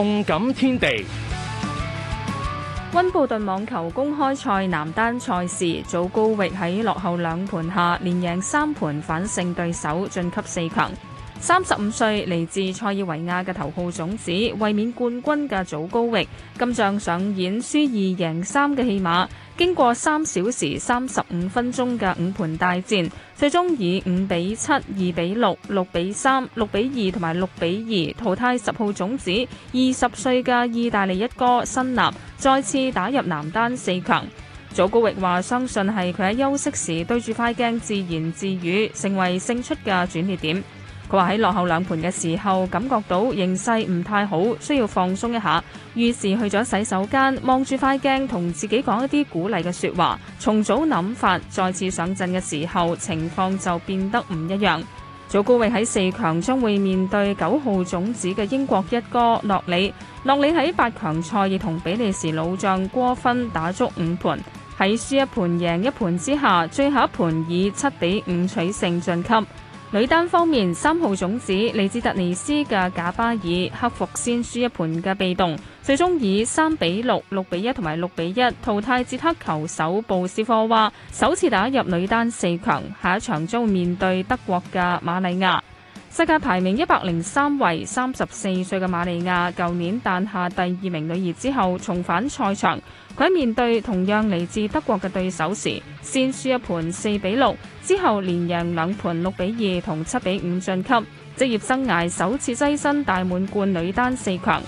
動感天地，溫布頓網球公開賽男單賽事，祖高域喺落後兩盤下，連贏三盤反勝對手，晉級四強。三十五歲嚟自塞爾維亞嘅頭號種子、衛冕冠軍嘅祖高域今仗上演輸二贏三嘅戲碼，經過三小時三十五分鐘嘅五盤大戰，最終以五比七、二比六、六比三、六比二同埋六比二淘汰十號種子二十歲嘅意大利一哥辛納，再次打入男單四強。祖高域話：相信係佢喺休息時對住塊鏡自言自語，成為勝出嘅轉折點。佢話喺落後兩盤嘅時候，感覺到形勢唔太好，需要放鬆一下，於是去咗洗手間，望住塊鏡同自己講一啲鼓勵嘅說話，重組諗法，再次上陣嘅時候，情況就變得唔一樣。祖高域喺四強將會面對九號種子嘅英國一哥諾里，諾里喺八強賽亦同比利時老將郭芬打足五盤，喺輸一盤贏一盤之下，最後一盤以七比五取勝晉級。女單方面，三號種子嚟自突尼斯嘅賈巴爾克服先輸一盤嘅被動，最終以三比六、六比一同埋六比一淘汰捷克球手布絲科娃，話首次打入女單四強，下一場將會面對德國嘅瑪莉亞。世界排名一百零三位、三十四歲嘅瑪莉亞舊年誕下第二名女兒之後重返賽場，佢喺面對同樣嚟自德國嘅對手時先輸一盤四比六，之後連贏兩盤六比二同七比五晉級，職業生涯首次躋身大滿貫女單四強。